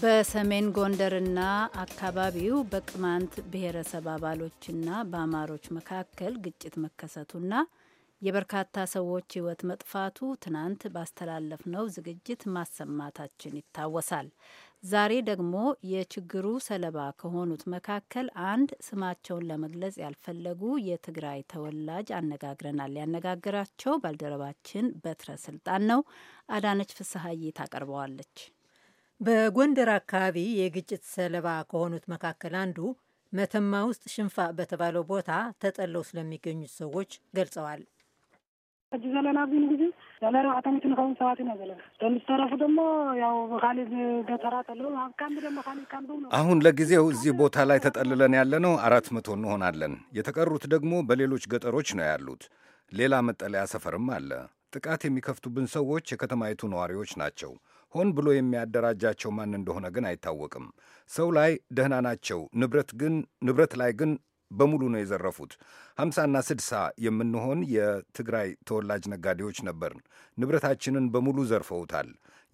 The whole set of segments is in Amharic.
በሰሜን ጎንደርና አካባቢው በቅማንት ብሔረሰብ አባሎችና በአማሮች መካከል ግጭት መከሰቱና የበርካታ ሰዎች ሕይወት መጥፋቱ ትናንት ባስተላለፍነው ዝግጅት ማሰማታችን ይታወሳል። ዛሬ ደግሞ የችግሩ ሰለባ ከሆኑት መካከል አንድ ስማቸውን ለመግለጽ ያልፈለጉ የትግራይ ተወላጅ አነጋግረናል። ያነጋግራቸው ባልደረባችን በትረ ስልጣን ነው። አዳነች ፍስሀዬ ታቀርበዋለች። በጎንደር አካባቢ የግጭት ሰለባ ከሆኑት መካከል አንዱ መተማ ውስጥ ሽንፋ በተባለው ቦታ ተጠለው ስለሚገኙት ሰዎች ገልጸዋል። እጅ ዘለና ኣብዚ ጊዜ ዘለና አተሚት ንኸውን ሰባት ነው ዘለ ለምዝተረፉ ደግሞ ያው ብካሊእ ገተራ ኣለዉ ኣብ ካምቢ ደሞ ካሊእ ነው። አሁን ለጊዜው እዚህ ቦታ ላይ ተጠልለን ያለ ነው አራት መቶ እንሆናለን። የተቀሩት ደግሞ በሌሎች ገጠሮች ነው ያሉት። ሌላ መጠለያ ሰፈርም አለ። ጥቃት የሚከፍቱብን ሰዎች የከተማይቱ ነዋሪዎች ናቸው። ሆን ብሎ የሚያደራጃቸው ማን እንደሆነ ግን አይታወቅም። ሰው ላይ ደህና ናቸው፣ ንብረት ግን ንብረት ላይ ግን በሙሉ ነው የዘረፉት። ሀምሳና ስድሳ የምንሆን የትግራይ ተወላጅ ነጋዴዎች ነበርን። ንብረታችንን በሙሉ ዘርፈውታል።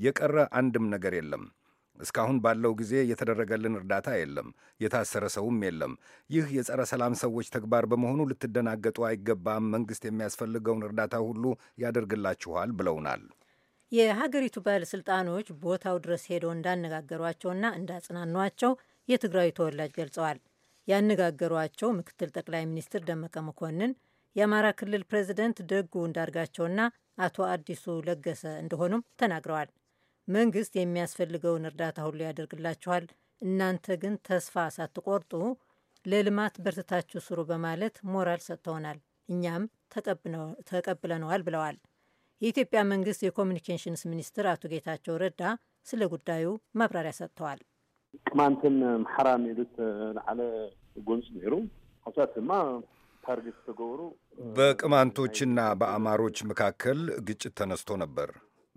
የቀረ አንድም ነገር የለም። እስካሁን ባለው ጊዜ የተደረገልን እርዳታ የለም። የታሰረ ሰውም የለም። ይህ የጸረ ሰላም ሰዎች ተግባር በመሆኑ ልትደናገጡ አይገባም። መንግሥት የሚያስፈልገውን እርዳታ ሁሉ ያደርግላችኋል ብለውናል። የሀገሪቱ ባለስልጣኖች ቦታው ድረስ ሄደው እንዳነጋገሯቸውና እንዳጽናኗቸው የትግራዊ ተወላጅ ገልጸዋል። ያነጋገሯቸው ምክትል ጠቅላይ ሚኒስትር ደመቀ መኮንን፣ የአማራ ክልል ፕሬዚደንት ደጉ እንዳርጋቸውና አቶ አዲሱ ለገሰ እንደሆኑም ተናግረዋል። መንግስት የሚያስፈልገውን እርዳታ ሁሉ ያደርግላችኋል፣ እናንተ ግን ተስፋ ሳትቆርጡ ለልማት በርትታችሁ ስሩ በማለት ሞራል ሰጥተውናል፣ እኛም ተቀብለነዋል ብለዋል። የኢትዮጵያ መንግስት የኮሚኒኬሽንስ ሚኒስትር አቶ ጌታቸው ረዳ ስለ ጉዳዩ ማብራሪያ ሰጥተዋል። ቅማንትን ምሓራን ኢሉት ላዕለ ጎንፅ ነይሩ ካብሳት ድማ ታርጌት ተገብሩ በቅማንቶችና በአማሮች መካከል ግጭት ተነስቶ ነበር።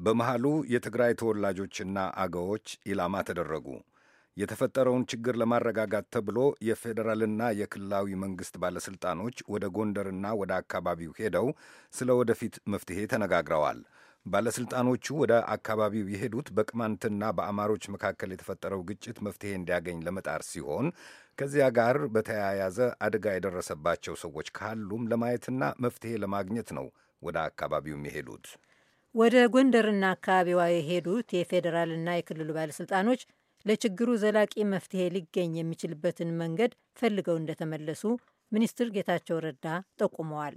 በመሃሉ የትግራይ ተወላጆችና አገዎች ኢላማ ተደረጉ። የተፈጠረውን ችግር ለማረጋጋት ተብሎ የፌዴራልና የክልላዊ መንግስት ባለስልጣኖች ወደ ጎንደርና ወደ አካባቢው ሄደው ስለ ወደፊት መፍትሄ ተነጋግረዋል። ባለስልጣኖቹ ወደ አካባቢው የሄዱት በቅማንትና በአማሮች መካከል የተፈጠረው ግጭት መፍትሄ እንዲያገኝ ለመጣር ሲሆን ከዚያ ጋር በተያያዘ አደጋ የደረሰባቸው ሰዎች ካሉም ለማየትና መፍትሄ ለማግኘት ነው ወደ አካባቢው የሄዱት። ወደ ጎንደርና አካባቢዋ የሄዱት የፌዴራልና የክልሉ ባለስልጣኖች ለችግሩ ዘላቂ መፍትሄ ሊገኝ የሚችልበትን መንገድ ፈልገው እንደተመለሱ ሚኒስትር ጌታቸው ረዳ ጠቁመዋል።